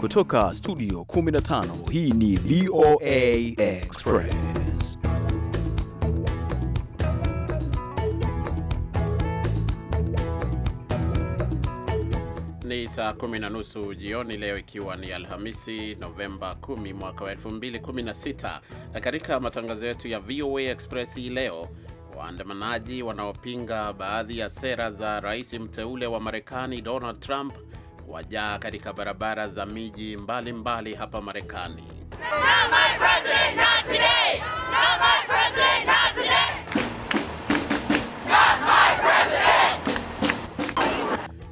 Kutoka studio 15 hii ni VOA Express. Ni saa kumi na nusu jioni leo, ikiwa ni Alhamisi Novemba 10 mwaka wa 2016. Katika matangazo yetu ya VOA Express hii leo waandamanaji wanaopinga baadhi ya sera za rais mteule wa Marekani Donald Trump wajaa katika barabara za miji mbalimbali hapa Marekani.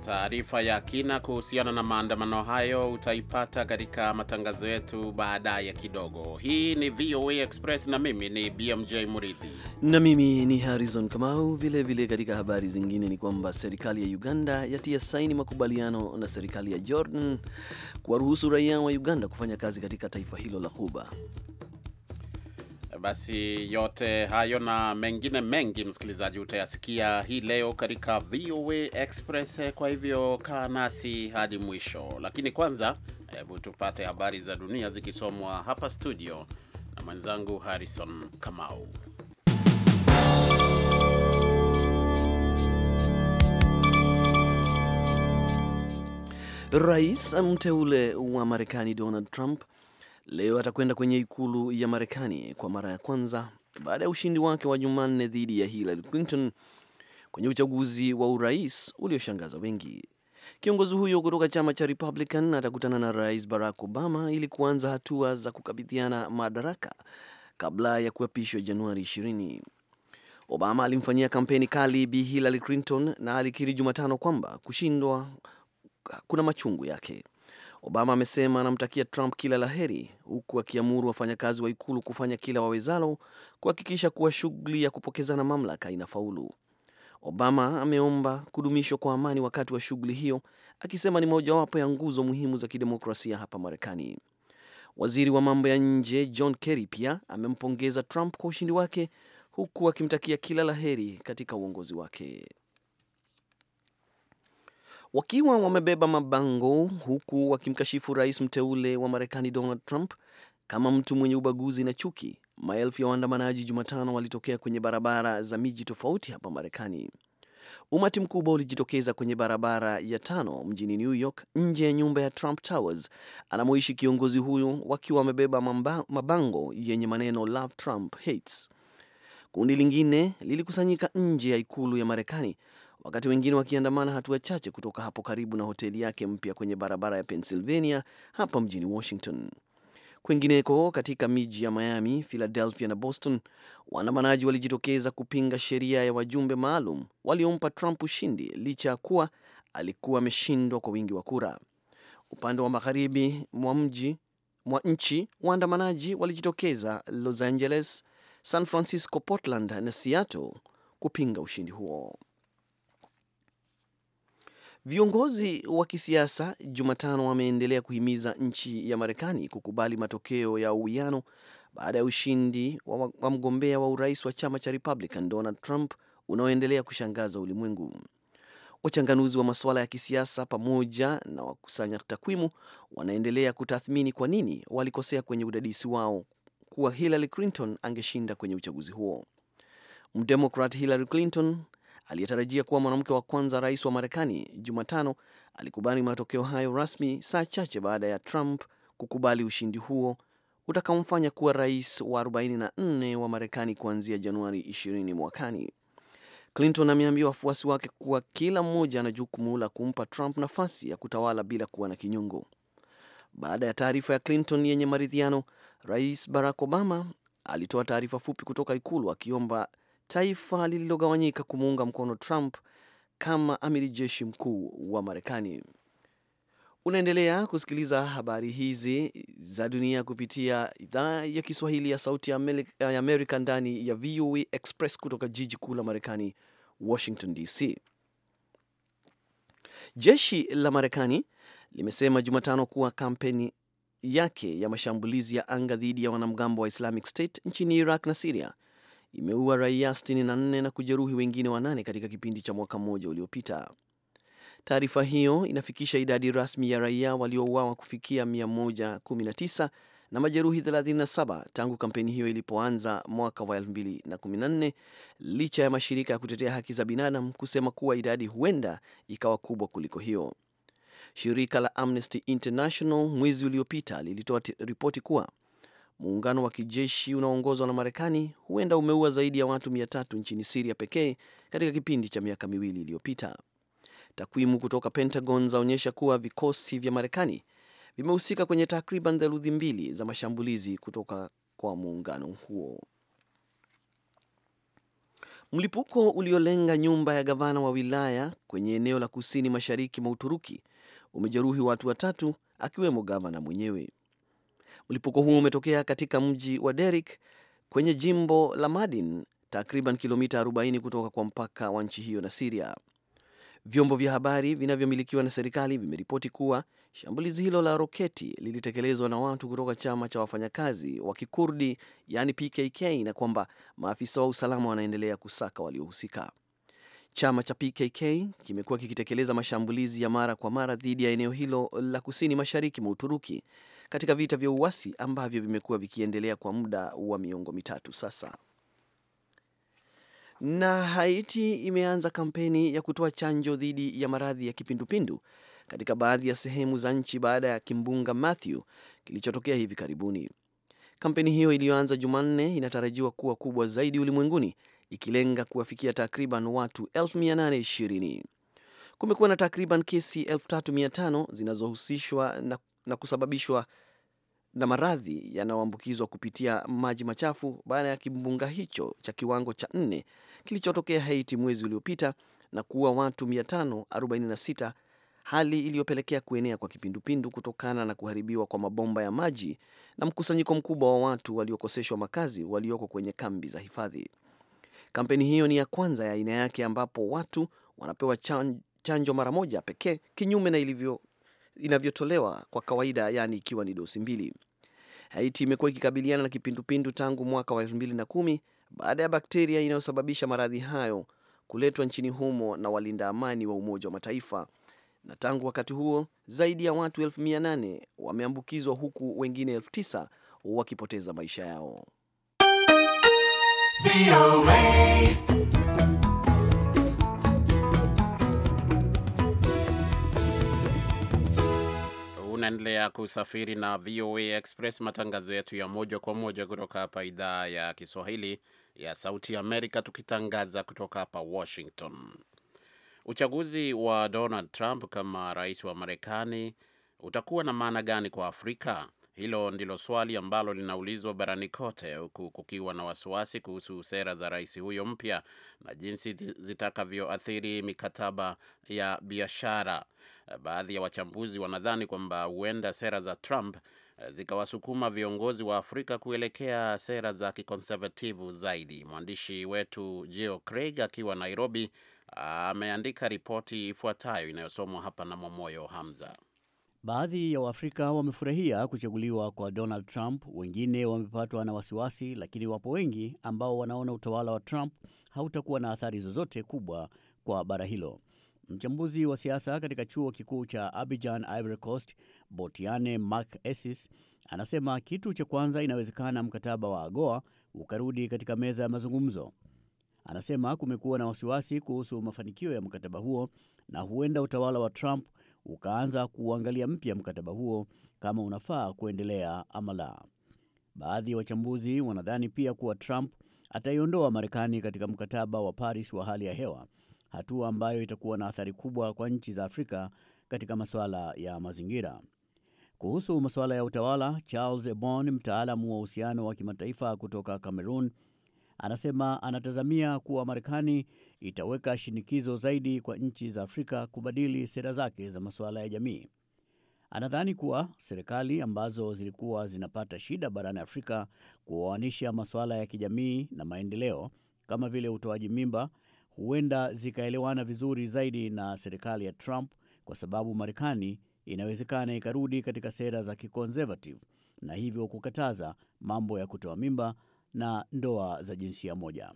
Taarifa ya kina kuhusiana na maandamano hayo utaipata katika matangazo yetu baadaye kidogo. Hii ni VOA Express na mimi ni BMJ Muridhi na mimi ni Harrison Kamau. Vilevile katika habari zingine ni kwamba serikali ya Uganda yatia saini makubaliano na serikali ya Jordan kuwaruhusu raia wa Uganda kufanya kazi katika taifa hilo la Kuba. Basi yote hayo na mengine mengi, msikilizaji, utayasikia hii leo katika VOA Express. Kwa hivyo kaa nasi hadi mwisho, lakini kwanza, hebu tupate habari za dunia zikisomwa hapa studio na mwenzangu Harrison Kamau. Rais mteule wa Marekani Donald Trump Leo atakwenda kwenye ikulu ya Marekani kwa mara ya kwanza baada ya ushindi wake wa Jumanne dhidi ya Hillary Clinton kwenye uchaguzi wa urais ulioshangaza wengi. Kiongozi huyo kutoka chama cha Republican atakutana na Rais Barack Obama ili kuanza hatua za kukabidhiana madaraka kabla ya kuapishwa Januari 20. Obama alimfanyia kampeni kali Bi Hillary Clinton na alikiri Jumatano kwamba kushindwa kuna machungu yake. Obama amesema anamtakia Trump kila la heri, huku akiamuru wafanyakazi wa ikulu kufanya kila wawezalo kuhakikisha kuwa shughuli ya kupokezana mamlaka inafaulu. Obama ameomba kudumishwa kwa amani wakati wa shughuli hiyo, akisema ni mojawapo ya nguzo muhimu za kidemokrasia hapa Marekani. Waziri wa mambo ya nje John Kerry pia amempongeza Trump kwa ushindi wake, huku akimtakia kila la heri katika uongozi wake wakiwa wamebeba mabango huku wakimkashifu rais mteule wa Marekani Donald Trump kama mtu mwenye ubaguzi na chuki. Maelfu ya waandamanaji Jumatano walitokea kwenye barabara za miji tofauti hapa Marekani. Umati mkubwa ulijitokeza kwenye barabara ya tano mjini New York, nje ya nyumba ya Trump Towers anamoishi kiongozi huyo, wakiwa wamebeba mabango yenye maneno Love Trump Hates. Kundi lingine lilikusanyika nje ya ikulu ya Marekani wakati wengine wakiandamana hatua chache kutoka hapo karibu na hoteli yake mpya kwenye barabara ya Pennsylvania hapa mjini Washington. Kwingineko, katika miji ya Miami, Philadelphia na Boston, waandamanaji walijitokeza kupinga sheria ya wajumbe maalum waliompa Trump ushindi licha ya kuwa alikuwa ameshindwa kwa wingi wa kura. Upande wa magharibi mwa mji mwa nchi, waandamanaji walijitokeza Los Angeles, San Francisco, Portland na Seattle kupinga ushindi huo. Viongozi wa kisiasa Jumatano wameendelea kuhimiza nchi ya Marekani kukubali matokeo ya uwiano baada ya ushindi wa, wa mgombea wa urais wa chama cha Republican Donald Trump unaoendelea kushangaza ulimwengu. Wachanganuzi wa masuala ya kisiasa pamoja na wakusanya takwimu wanaendelea kutathmini kwa nini walikosea kwenye udadisi wao kuwa Hillary Clinton angeshinda kwenye uchaguzi huo. Mdemokrat Hillary Clinton aliyetarajia kuwa mwanamke wa kwanza rais wa Marekani, Jumatano alikubali matokeo hayo rasmi saa chache baada ya Trump kukubali ushindi huo utakaomfanya kuwa rais wa 44 wa Marekani kuanzia Januari 20 mwakani. Clinton ameambia wafuasi wake kuwa kila mmoja ana jukumu la kumpa Trump nafasi ya kutawala bila kuwa na kinyongo. Baada ya taarifa ya Clinton yenye maridhiano, Rais Barack Obama alitoa taarifa fupi kutoka ikulu akiomba taifa lililogawanyika kumuunga mkono Trump kama amiri jeshi mkuu wa Marekani. Unaendelea kusikiliza habari hizi za dunia kupitia idhaa ya Kiswahili ya Sauti ya Amerika ndani ya VOA e Express kutoka jiji kuu la Marekani, Washington DC. Jeshi la Marekani limesema Jumatano kuwa kampeni yake ya mashambulizi ya anga dhidi ya wanamgambo wa Islamic State nchini Iraq na Siria imeua raia 64 na kujeruhi wengine wanane katika kipindi cha mwaka mmoja uliopita. Taarifa hiyo inafikisha idadi rasmi ya raia waliouawa kufikia 119 na majeruhi 37 tangu kampeni hiyo ilipoanza mwaka wa 2014 licha ya mashirika ya kutetea haki za binadamu kusema kuwa idadi huenda ikawa kubwa kuliko hiyo. Shirika la Amnesty International mwezi uliopita lilitoa ripoti kuwa Muungano wa kijeshi unaoongozwa na Marekani huenda umeua zaidi ya watu tatu nchini Siria pekee katika kipindi cha miaka miwili iliyopita. Takwimu kutoka Pentagon zaonyesha kuwa vikosi vya Marekani vimehusika kwenye takriban theluthi mbili za mashambulizi kutoka kwa muungano huo. Mlipuko uliolenga nyumba ya gavana wa wilaya kwenye eneo la kusini mashariki mwa Uturuki umejeruhi watu watatu akiwemo gavana mwenyewe. Mlipuko huo umetokea katika mji wa Derik kwenye jimbo la Madin, takriban kilomita 40 kutoka kwa mpaka wa nchi hiyo na Siria. Vyombo vya habari vinavyomilikiwa na serikali vimeripoti kuwa shambulizi hilo la roketi lilitekelezwa na watu kutoka chama cha wafanyakazi wa Kikurdi yani PKK na kwamba maafisa wa usalama wanaendelea kusaka waliohusika. Chama cha PKK kimekuwa kikitekeleza mashambulizi ya mara kwa mara dhidi ya eneo hilo la kusini mashariki mwa Uturuki katika vita vya uasi ambavyo vimekuwa vikiendelea kwa muda wa miongo mitatu sasa. Na Haiti imeanza kampeni ya kutoa chanjo dhidi ya maradhi ya kipindupindu katika baadhi ya sehemu za nchi baada ya kimbunga Matthew kilichotokea hivi karibuni. Kampeni hiyo iliyoanza Jumanne inatarajiwa kuwa kubwa zaidi ulimwenguni ikilenga kuwafikia takriban watu 820. Kumekuwa na takriban kesi 3500 zinazohusishwa na na kusababishwa na maradhi yanayoambukizwa kupitia maji machafu baada ya kimbunga hicho cha kiwango cha nne kilichotokea Haiti mwezi uliopita na kuua watu 546, hali iliyopelekea kuenea kwa kipindupindu kutokana na kuharibiwa kwa mabomba ya maji na mkusanyiko mkubwa wa watu waliokoseshwa makazi walioko kwenye kambi za hifadhi. Kampeni hiyo ni ya kwanza ya aina yake ambapo watu wanapewa chanjo mara moja pekee, kinyume na ilivyo inavyotolewa kwa kawaida, yaani ikiwa ni dosi mbili. Haiti imekuwa ikikabiliana na kipindupindu tangu mwaka wa 2010 baada ya bakteria inayosababisha maradhi hayo kuletwa nchini humo na walinda amani wa Umoja wa Mataifa, na tangu wakati huo zaidi ya watu 8 wameambukizwa huku wengine 9 wakipoteza maisha yao. Unaendelea kusafiri na VOA Express, matangazo yetu ya moja kwa moja kutoka hapa idhaa ya Kiswahili ya Sauti ya Amerika, tukitangaza kutoka hapa Washington. Uchaguzi wa Donald Trump kama rais wa Marekani utakuwa na maana gani kwa Afrika? Hilo ndilo swali ambalo linaulizwa barani kote, huku kukiwa na wasiwasi kuhusu sera za rais huyo mpya na jinsi zitakavyoathiri mikataba ya biashara baadhi ya wachambuzi wanadhani kwamba huenda sera za Trump eh, zikawasukuma viongozi wa Afrika kuelekea sera za kikonservativu zaidi. Mwandishi wetu Jill Craig akiwa Nairobi ameandika ripoti ifuatayo inayosomwa hapa na Momoyo Hamza. Baadhi ya Waafrika wamefurahia kuchaguliwa kwa Donald Trump, wengine wamepatwa na wasiwasi, lakini wapo wengi ambao wanaona utawala wa Trump hautakuwa na athari zozote kubwa kwa bara hilo. Mchambuzi wa siasa katika chuo kikuu cha Abidjan, Ivory Coast, Botiane Mark esis anasema kitu cha kwanza, inawezekana mkataba wa AGOA ukarudi katika meza ya mazungumzo. Anasema kumekuwa na wasiwasi kuhusu mafanikio ya mkataba huo na huenda utawala wa Trump ukaanza kuangalia mpya mkataba huo kama unafaa kuendelea ama la. Baadhi ya wachambuzi wanadhani pia kuwa Trump ataiondoa Marekani katika mkataba wa Paris wa hali ya hewa hatua ambayo itakuwa na athari kubwa kwa nchi za Afrika katika masuala ya mazingira. Kuhusu masuala ya utawala, Charles Ebon, mtaalamu wa uhusiano wa kimataifa kutoka Cameroon, anasema anatazamia kuwa Marekani itaweka shinikizo zaidi kwa nchi za Afrika kubadili sera zake za masuala ya jamii. Anadhani kuwa serikali ambazo zilikuwa zinapata shida barani Afrika kuoanisha masuala ya kijamii na maendeleo kama vile utoaji mimba huenda zikaelewana vizuri zaidi na serikali ya Trump kwa sababu Marekani inawezekana ikarudi katika sera za kiconservative na hivyo kukataza mambo ya kutoa mimba na ndoa za jinsia moja.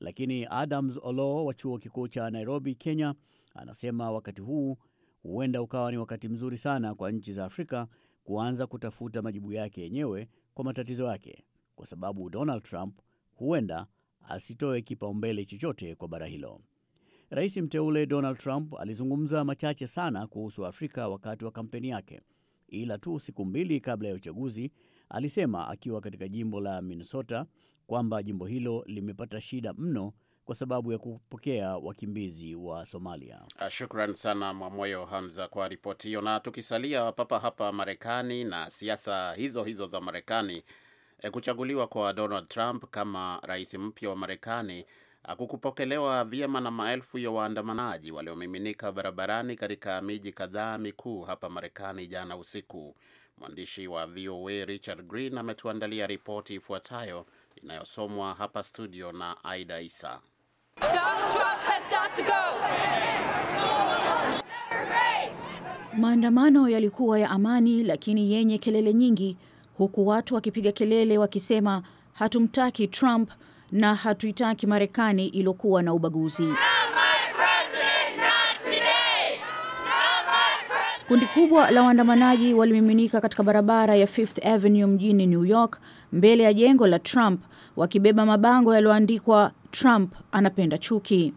Lakini Adams Olo wa chuo kikuu cha Nairobi, Kenya, anasema wakati huu huenda ukawa ni wakati mzuri sana kwa nchi za Afrika kuanza kutafuta majibu yake yenyewe kwa matatizo yake, kwa sababu Donald Trump huenda asitoe kipaumbele chochote kwa bara hilo. Rais mteule Donald Trump alizungumza machache sana kuhusu Afrika wakati wa kampeni yake, ila tu siku mbili kabla ya uchaguzi alisema akiwa katika jimbo la Minnesota kwamba jimbo hilo limepata shida mno kwa sababu ya kupokea wakimbizi wa Somalia. Ah, shukran sana Mwamoyo Hamza kwa ripoti hiyo. Na tukisalia papa hapa Marekani na siasa hizo hizo za Marekani, E, kuchaguliwa kwa Donald Trump kama rais mpya wa Marekani hakukupokelewa ah, vyema na maelfu ya waandamanaji waliomiminika barabarani katika miji kadhaa mikuu hapa Marekani jana usiku. Mwandishi wa VOA Richard Green ametuandalia ripoti ifuatayo inayosomwa hapa studio na Aida Isa. Maandamano yalikuwa ya amani lakini yenye kelele nyingi huku watu wakipiga kelele wakisema hatumtaki Trump na hatuitaki Marekani iliyokuwa na ubaguzi. Kundi kubwa la waandamanaji walimiminika katika barabara ya Fifth Avenue mjini New York mbele ya jengo la Trump wakibeba mabango yaliyoandikwa Trump anapenda chuki.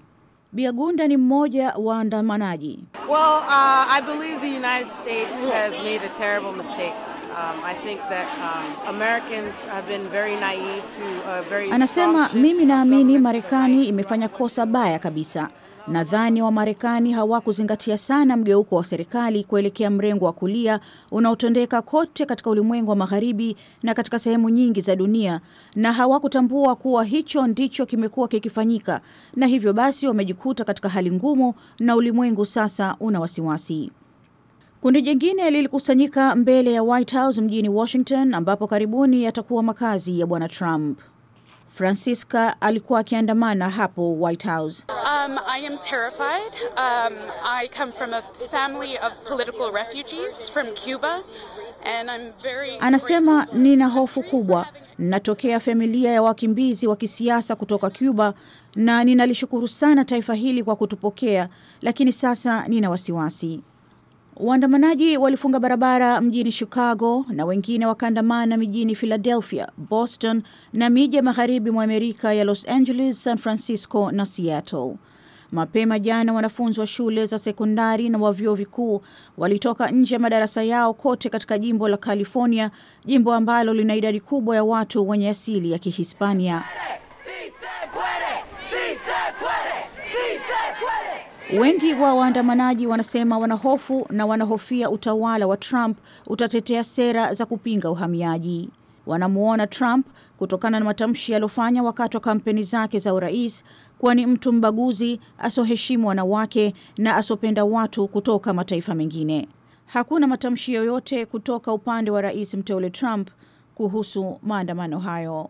Biagunda ni mmoja wa waandamanaji. Well, uh, Anasema, mimi naamini Marekani imefanya kosa baya kabisa. Nadhani Wamarekani hawakuzingatia sana mgeuko wa serikali kuelekea mrengo wa kulia unaotendeka kote katika ulimwengu wa Magharibi na katika sehemu nyingi za dunia, na hawakutambua kuwa hicho ndicho kimekuwa kikifanyika, na hivyo basi wamejikuta katika hali ngumu, na ulimwengu sasa una wasiwasi. Kundi jingine lilikusanyika mbele ya White House mjini Washington, ambapo karibuni yatakuwa makazi ya bwana Trump. Francisca alikuwa akiandamana hapo White House. Um, I am terrified. Um, I come from a family of political refugees from Cuba and I'm very Anasema nina hofu kubwa. Natokea familia ya wakimbizi wa kisiasa kutoka Cuba na ninalishukuru sana taifa hili kwa kutupokea, lakini sasa nina wasiwasi. Waandamanaji walifunga barabara mjini Chicago na wengine wakaandamana mijini Philadelphia, Boston na miji ya magharibi mwa Amerika ya Los Angeles, San Francisco na Seattle. Mapema jana wanafunzi wa shule za sekondari na wa vyuo vikuu walitoka nje ya madarasa yao kote katika jimbo la California, jimbo ambalo lina idadi kubwa ya watu wenye asili ya Kihispania. Wengi wa waandamanaji wanasema wanahofu na wanahofia utawala wa Trump utatetea sera za kupinga uhamiaji. Wanamwona Trump kutokana na matamshi yaliyofanya wakati wa kampeni zake za urais kuwa ni mtu mbaguzi asioheshimu wanawake na asiopenda watu kutoka mataifa mengine. Hakuna matamshi yoyote kutoka upande wa rais mteule Trump kuhusu maandamano hayo.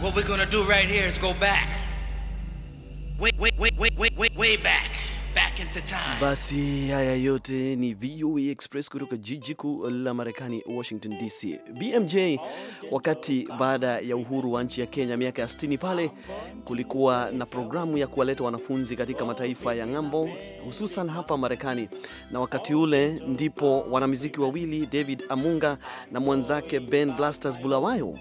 What we're gonna do right here is go back. Way, way, way, way, way, way, way back. Back. Basi haya yote ni VOA e Express kutoka jiji kuu la Marekani, Washington DC. BMJ, wakati baada ya uhuru wa nchi ya Kenya miaka ya 60 pale, kulikuwa na programu ya kuwaleta wanafunzi katika mataifa ya ng'ambo, hususan hapa Marekani, na wakati ule ndipo wanamuziki wawili David Amunga na mwanzake Ben Blasters Bulawayo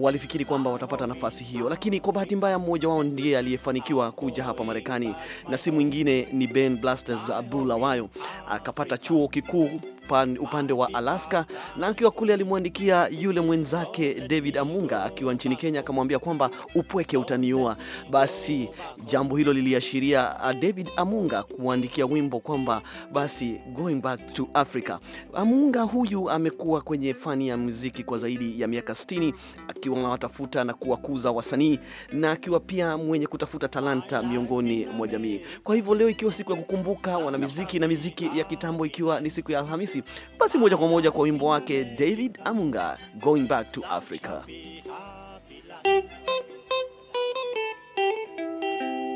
walifikiri kwamba watapata nafasi hiyo, lakini kwa bahati mbaya mmoja wao ndiye aliyefanikiwa kuja hapa Marekani na si mwingine ni Ben Blasters Abdul wayo akapata chuo kikuu upande, upande wa Alaska, na akiwa kule alimwandikia yule mwenzake David Amunga akiwa nchini Kenya, akamwambia kwamba upweke utaniua. Basi jambo hilo liliashiria uh, David Amunga kuandikia wimbo kwamba basi going back to Africa. Amunga huyu amekuwa kwenye fani ya muziki kwa zaidi ya miaka 60 akiwa anawatafuta na kuwakuza wasanii na akiwa pia mwenye kutafuta talanta miongoni mwa jamii. Kwa hivyo leo ikiwa siku ya kukumbuka wanamuziki na muziki ya kitambo, ikiwa ni siku ya Alhamisi kirahisi. Basi moja kwa moja kwa wimbo wake David Amunga, Going Back to Africa.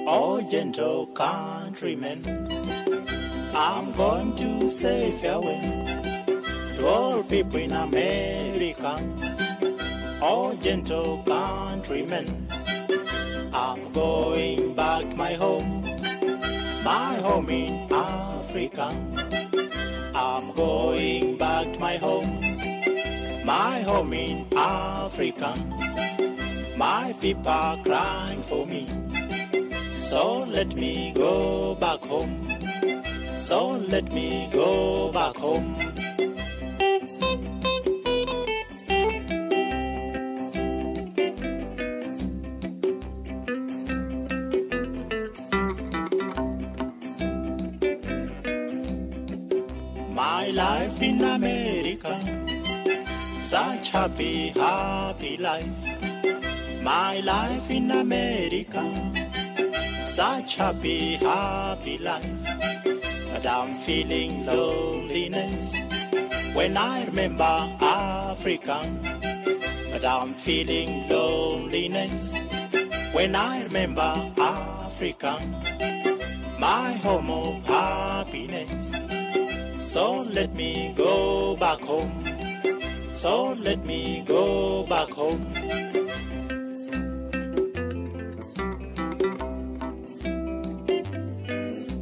Oh, gentle countrymen, I'm going to say farewell to all people in America. Oh, gentle countrymen, I'm going back my home, my home in Africa going back to my home, my home in Africa. My people are crying for me, so let me go back home. So let me go back home. such happy, happy life. My life in America, such happy, happy life. But I'm feeling loneliness when I remember Africa. But I'm feeling loneliness when I remember Africa. My home of happiness. So let me go back home. So let me go back home.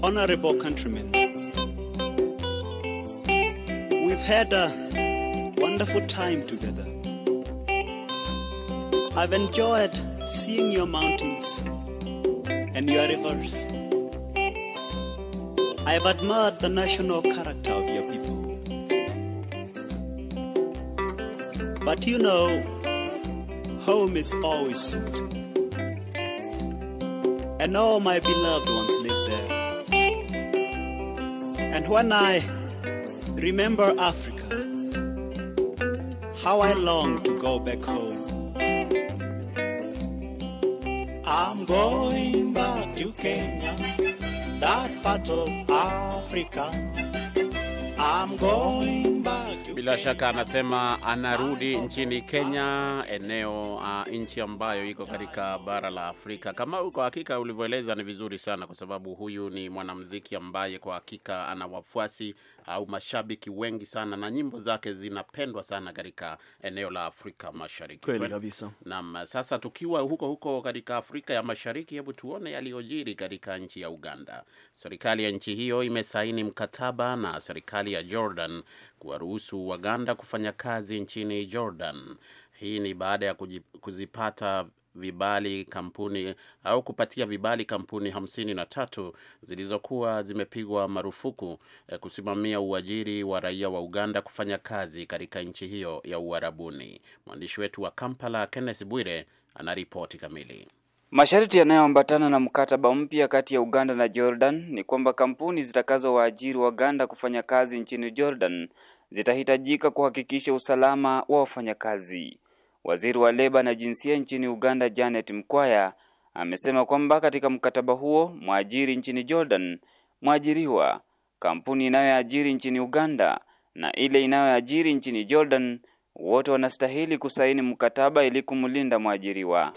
Honorable countrymen, we've had a wonderful time together. I've enjoyed seeing your mountains and your rivers. I have admired the national character of your people. But you know, home is always sweet. And all my beloved ones live there. And when I remember Africa, how I long to go back home. I'm going back to Kenya, that part of Africa. I'm going Bila shaka anasema anarudi nchini Kenya, eneo uh, nchi ambayo iko katika bara la Afrika. Kama kwa hakika ulivyoeleza ni vizuri sana, kwa sababu huyu ni mwanamuziki ambaye kwa hakika ana wafuasi au uh, mashabiki wengi sana, na nyimbo zake zinapendwa sana katika eneo la Afrika Mashariki. Kweli kabisa. Naam, sasa tukiwa huko huko katika Afrika ya Mashariki, hebu tuone yaliyojiri katika nchi ya Uganda. Serikali ya nchi hiyo imesaini mkataba na serikali ya Jordan kuwaruhusu Waganda kufanya kazi nchini Jordan. Hii ni baada ya kuzipata vibali kampuni au kupatia vibali kampuni hamsini na tatu zilizokuwa zimepigwa marufuku eh, kusimamia uajiri wa raia wa Uganda kufanya kazi katika nchi hiyo ya Uarabuni. Mwandishi wetu wa Kampala Kenneth Bwire anaripoti kamili. Masharti yanayoambatana na mkataba mpya kati ya Uganda na Jordan ni kwamba kampuni zitakazowaajiri Waganda kufanya kazi nchini Jordan zitahitajika kuhakikisha usalama wa wafanyakazi. Waziri wa leba na jinsia nchini Uganda, Janet Mkwaya, amesema kwamba katika mkataba huo mwajiri nchini Jordan, mwajiriwa, kampuni inayoajiri nchini Uganda na ile inayoajiri nchini Jordan wote wanastahili kusaini mkataba ili kumlinda mwajiriwa.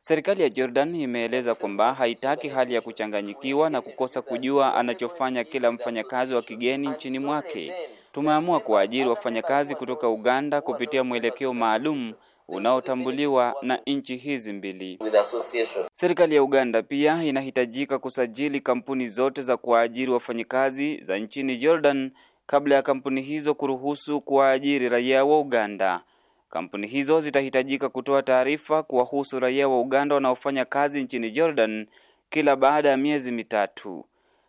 Serikali ya Jordan imeeleza kwamba haitaki hali ya kuchanganyikiwa na kukosa kujua anachofanya kila mfanyakazi wa kigeni nchini mwake tumeamua kuwaajiri wafanyakazi kutoka Uganda kupitia mwelekeo maalum unaotambuliwa na nchi hizi mbili. Serikali ya Uganda pia inahitajika kusajili kampuni zote za kuwaajiri wafanyakazi za nchini Jordan kabla ya kampuni hizo kuruhusu kuwaajiri raia wa Uganda. Kampuni hizo zitahitajika kutoa taarifa kuwahusu raia wa Uganda wanaofanya kazi nchini Jordan kila baada ya miezi mitatu.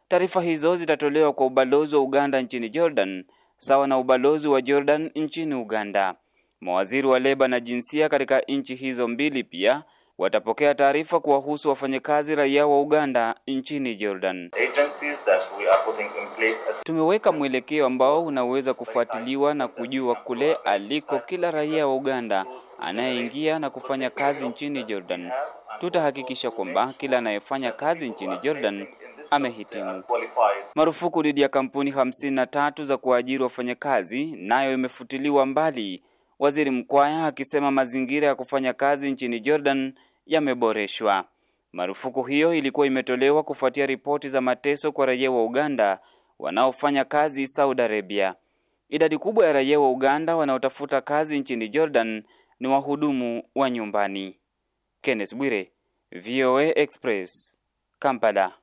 Taarifa hizo zitatolewa kwa ubalozi wa Uganda nchini Jordan sawa na ubalozi wa Jordan nchini Uganda. Mawaziri wa leba na jinsia katika nchi hizo mbili pia watapokea taarifa kuwahusu wafanyakazi raia wa Uganda nchini Jordan. Tumeweka mwelekeo ambao unaweza kufuatiliwa na kujua kule aliko kila raia wa Uganda anayeingia na kufanya kazi nchini Jordan. Tutahakikisha kwamba kila anayefanya kazi nchini Jordan amehitimu. Marufuku dhidi ya kampuni hamsini na tatu za kuajiri wafanyakazi nayo imefutiliwa mbali, waziri Mkwaya akisema mazingira ya kufanya kazi nchini Jordan yameboreshwa. Marufuku hiyo ilikuwa imetolewa kufuatia ripoti za mateso kwa raia wa Uganda wanaofanya kazi Saudi Arabia. Idadi kubwa ya raia wa Uganda wanaotafuta kazi nchini Jordan ni wahudumu wa nyumbani. Kenneth Bwire, VOA Express, Kampala.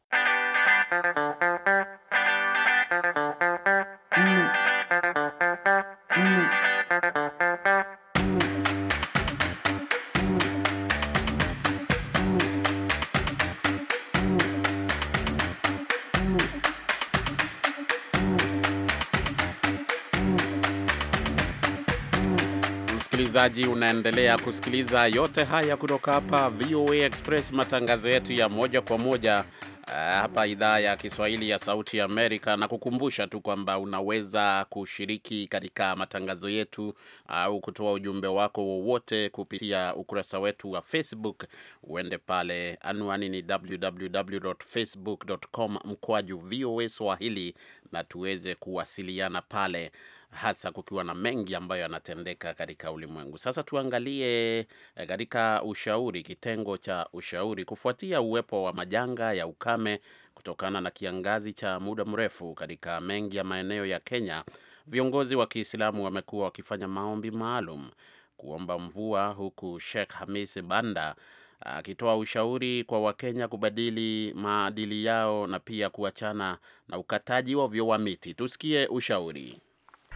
Msikilizaji, unaendelea kusikiliza yote haya kutoka hapa VOA Express, matangazo yetu ya moja kwa moja Eh, hapa idhaa ya Kiswahili ya Sauti ya Amerika, na kukumbusha tu kwamba unaweza kushiriki katika matangazo yetu au kutoa ujumbe wako wowote kupitia ukurasa wetu wa Facebook. Uende pale, anwani ni www.facebook.com mkwaju VOA Swahili, na tuweze kuwasiliana pale hasa kukiwa na mengi ambayo yanatendeka katika ulimwengu. Sasa tuangalie eh, katika ushauri, kitengo cha ushauri. Kufuatia uwepo wa majanga ya ukame kutokana na kiangazi cha muda mrefu katika mengi ya maeneo ya Kenya, viongozi wa Kiislamu wamekuwa wakifanya maombi maalum kuomba mvua, huku Sheikh Hamis Banda akitoa ushauri kwa Wakenya kubadili maadili yao na pia kuachana na ukataji vyo wa miti. Tusikie ushauri.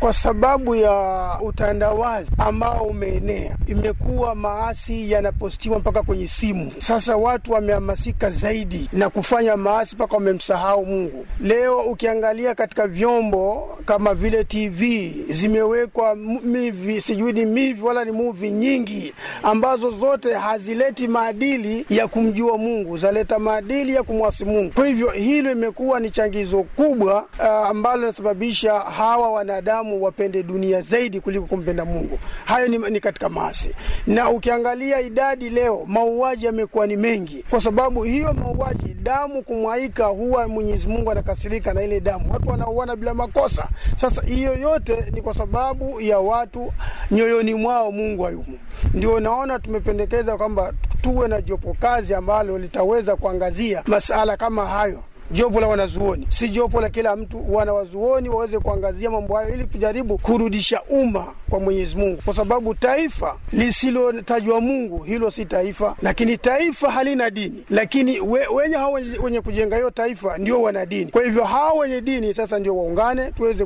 Kwa sababu ya utandawazi ambao umeenea, imekuwa maasi yanapostiwa mpaka kwenye simu. Sasa watu wamehamasika zaidi na kufanya maasi mpaka wamemsahau Mungu. Leo ukiangalia katika vyombo kama vile TV zimewekwa mivi, sijui ni mivi wala ni muvi nyingi, ambazo zote hazileti maadili ya kumjua Mungu, zaleta maadili ya kumwasi Mungu. Kwa hivyo hilo imekuwa ni changizo kubwa uh, ambalo linasababisha hawa wanadamu wanadamu wapende dunia zaidi kuliko kumpenda Mungu. Hayo ni, ni katika maasi, na ukiangalia idadi leo mauaji yamekuwa ni mengi, kwa sababu hiyo mauaji, damu kumwaika, huwa Mwenyezi Mungu anakasirika na ile damu, watu wanauana bila makosa. Sasa hiyo yote ni kwa sababu ya watu nyoyoni mwao Mungu hayumo. Ndio naona tumependekeza kwamba tuwe na jopo kazi ambalo litaweza kuangazia masala kama hayo jopo la wanazuoni, si jopo la kila mtu. Wanawazuoni waweze kuangazia mambo hayo ili kujaribu kurudisha umma kwa Mwenyezi Mungu, kwa sababu taifa lisilotajwa Mungu hilo si taifa, lakini taifa halina dini, lakini we, wenye hao wenye kujenga hiyo taifa ndio wana dini. Kwa hivyo hao wenye dini sasa ndio waungane, tuweze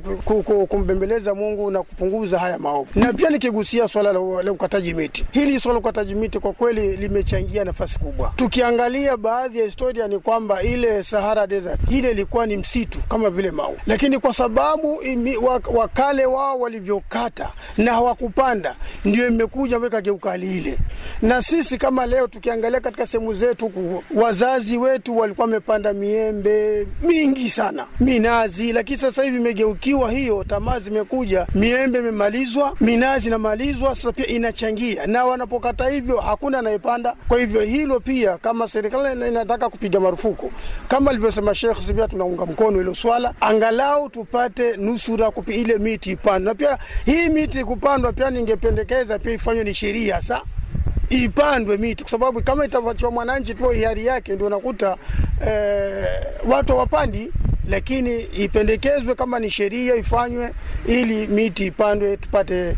kumbembeleza Mungu na kupunguza haya maovu. Na pia nikigusia swala la ukataji miti, hili swala la ukataji miti kwa kweli limechangia nafasi kubwa. Tukiangalia baadhi ya historia ni kwamba ile Sahara desert. Ile ilikuwa ni msitu kama vile Mau, lakini kwa sababu imi, wakale wao walivyokata na hawakupanda ndio imekuja weka geuka hali ile. Na sisi kama leo tukiangalia katika sehemu zetu, wazazi wetu walikuwa wamepanda miembe mingi sana, minazi, lakini sasa hivi imegeukiwa hiyo, tamaa zimekuja, miembe imemalizwa, minazi inamalizwa. Sasa pia inachangia na wanapokata hivyo, hakuna anayepanda. Kwa hivyo hilo pia kama serikali inataka kupiga marufuku kama alivyosema mashekhe pia tunaunga mkono hilo swala, angalau tupate nusura kupi ile miti ipandwe, na pia hii miti kupandwa pia ningependekeza pia ifanywe ni sheria sa ipandwe miti kwa sababu kama itawachwa mwananchi tu hiari yake, ndio nakuta eh, watu hawapandi, lakini ipendekezwe kama ni sheria ifanywe ili miti ipandwe tupate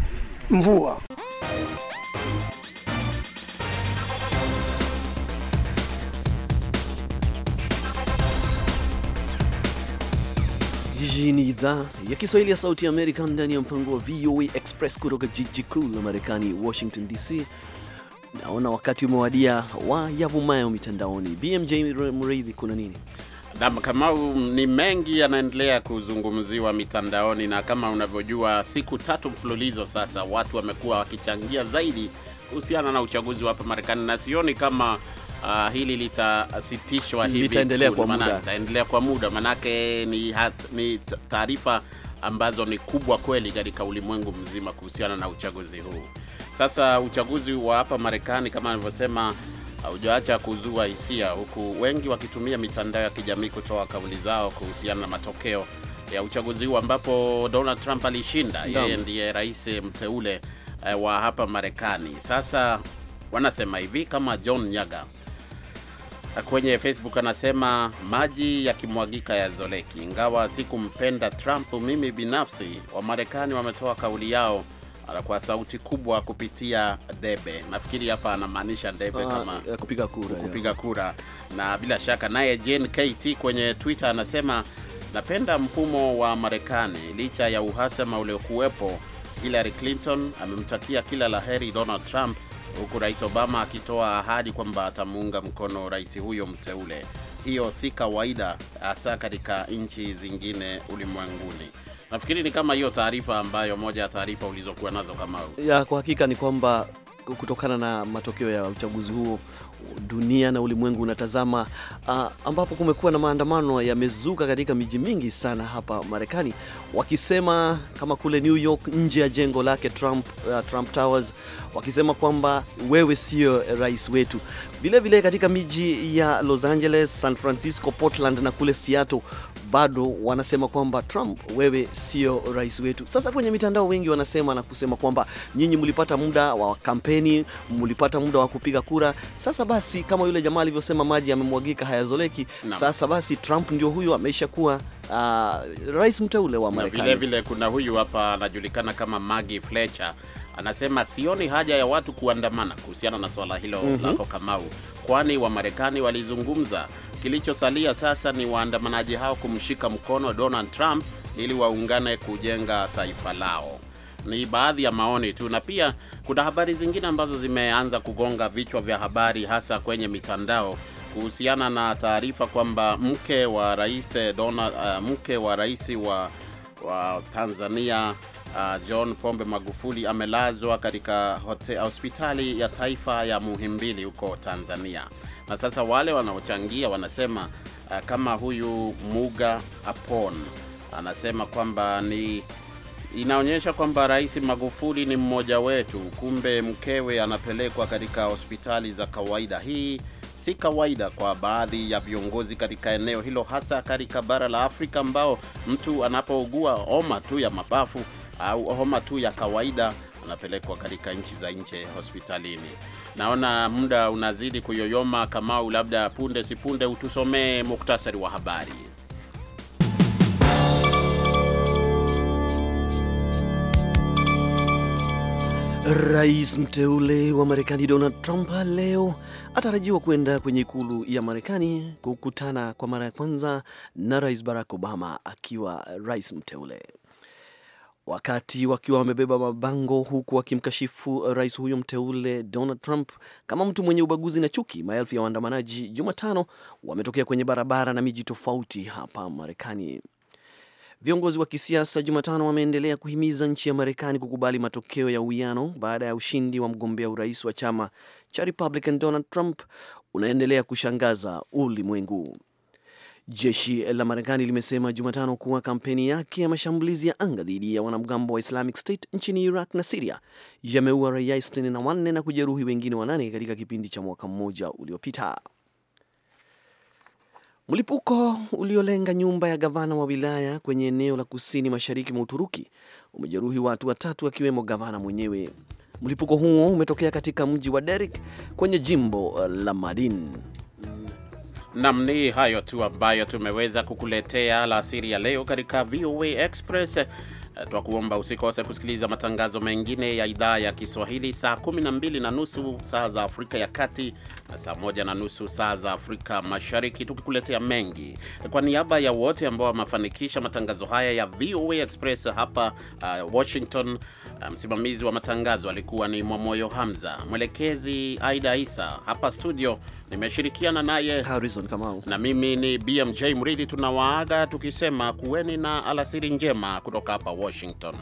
mvua. hii ni idhaa ya Kiswahili ya Sauti ya Amerika ndani ya mpango wa VOA Express kutoka jiji kuu la Marekani, Washington DC. Naona wakati umewadia wa yavumayo mitandaoni. BMJ Mridhi, kuna nini? Nam kama ni mengi yanaendelea kuzungumziwa mitandaoni, na kama unavyojua, siku tatu mfululizo sasa watu wamekuwa wakichangia zaidi kuhusiana na uchaguzi wa hapa Marekani, na sioni kama uh, hili litasitishwa hivi, litaendelea kwa muda, litaendelea kwa muda manake ni, ni taarifa ambazo ni kubwa kweli katika ulimwengu mzima kuhusiana na uchaguzi huu. Sasa uchaguzi wa hapa Marekani kama alivyosema haujaacha kuzua hisia, huku wengi wakitumia mitandao ya kijamii kutoa kauli zao kuhusiana na matokeo ya uchaguzi huu ambapo Donald Trump alishinda. Yeye ndiye rais mteule eh, wa hapa Marekani. Sasa wanasema hivi, kama John Nyaga kwenye Facebook anasema maji yakimwagika zoleki. Ingawa sikumpenda Trump mimi binafsi, Wamarekani wametoa kauli yao uh, kwa sauti kubwa kupitia debe. Nafikiri hapa anamaanisha debe ah, kama kupiga kura, kupiga kura. Na bila shaka naye Jane KT kwenye Twitter anasema napenda mfumo wa Marekani licha ya uhasama uliokuwepo. Hillary Clinton amemtakia kila laheri Donald Trump huku Rais Obama akitoa ahadi kwamba atamuunga mkono rais huyo mteule. Hiyo si kawaida, hasa katika nchi zingine ulimwenguni. Nafikiri ni kama hiyo taarifa ambayo, moja ya taarifa ulizokuwa nazo kama ya, kwa hakika ni kwamba kutokana na matokeo ya uchaguzi huo dunia na ulimwengu unatazama, uh, ambapo kumekuwa na maandamano yamezuka katika miji mingi sana hapa Marekani, wakisema kama kule New York nje ya jengo lake Trump, uh, Trump Towers wakisema kwamba wewe sio rais wetu. Vilevile katika miji ya Los Angeles, San Francisco, Portland na kule Seattle bado wanasema kwamba Trump, wewe sio rais wetu. Sasa kwenye mitandao wengi wanasema na kusema kwamba nyinyi mlipata muda wa kampeni, mlipata muda wa kupiga kura. Sasa basi, kama yule jamaa alivyosema, maji yamemwagika hayazoleki. Sasa basi Trump ndio huyo ameisha kuwa uh, rais mteule wa Marekani. Vile vile kuna huyu hapa anajulikana kama Maggie Fletcher anasema sioni haja ya watu kuandamana kuhusiana na swala hilo mm -hmm. lako Kamau, kwani Wamarekani walizungumza. Kilichosalia sasa ni waandamanaji hao kumshika mkono Donald Trump ili waungane kujenga taifa lao. Ni baadhi ya maoni tu, na pia kuna habari zingine ambazo zimeanza kugonga vichwa vya habari hasa kwenye mitandao kuhusiana na taarifa kwamba mke wa rais eh, Donald, uh, mke wa rais wa, wa Tanzania uh, John Pombe Magufuli amelazwa katika hospitali ya taifa ya Muhimbili huko Tanzania. Na sasa wale wanaochangia wanasema uh, kama huyu Muga Apon anasema kwamba ni inaonyesha kwamba Rais Magufuli ni mmoja wetu, kumbe mkewe anapelekwa katika hospitali za kawaida. Hii si kawaida kwa baadhi ya viongozi katika eneo hilo, hasa katika bara la Afrika, ambao mtu anapougua homa tu ya mapafu au homa tu ya kawaida anapelekwa katika nchi za nje hospitalini. Naona muda unazidi kuyoyoma. Kamau, labda punde sipunde utusomee muktasari wa habari. Rais mteule wa Marekani Donald Trump leo atarajiwa kwenda kwenye ikulu ya Marekani kukutana kwa mara ya kwanza na Rais Barack Obama akiwa rais mteule. Wakati wakiwa wamebeba mabango huku wakimkashifu rais huyo mteule Donald Trump kama mtu mwenye ubaguzi na chuki, maelfu ya waandamanaji Jumatano wametokea kwenye barabara na miji tofauti hapa Marekani. Viongozi wa kisiasa Jumatano wameendelea kuhimiza nchi ya Marekani kukubali matokeo ya uwiano baada ya ushindi wa mgombea urais wa chama cha Republican Donald Trump unaendelea kushangaza ulimwengu. Jeshi la Marekani limesema Jumatano kuwa kampeni yake ya mashambulizi ya anga dhidi ya wanamgambo wa Islamic State nchini Iraq na Siria yameua raia 64 na kujeruhi wengine wanane katika kipindi cha mwaka mmoja uliopita. Mlipuko uliolenga nyumba ya gavana wa wilaya kwenye eneo la kusini mashariki mwa Uturuki umejeruhi watu watatu akiwemo gavana mwenyewe. Mlipuko huo umetokea katika mji wa Derik kwenye jimbo la Mardin. Nam, ni hayo tu ambayo tumeweza kukuletea alasiri ya leo katika VOA Express. Twa kuomba usikose kusikiliza matangazo mengine ya idhaa ya Kiswahili saa 12 na nusu saa za Afrika ya Kati saa moja na nusu saa za Afrika Mashariki, tukikuletea mengi. Kwa niaba ya wote ambao wamefanikisha matangazo haya ya VOA Express hapa uh, Washington, uh, msimamizi um, wa matangazo alikuwa ni Mwamoyo Hamza, mwelekezi Aida Isa. Hapa studio nimeshirikiana naye Harrison Kamau, na mimi ni BMJ Mridhi. Tunawaaga tukisema kuweni na alasiri njema kutoka hapa Washington.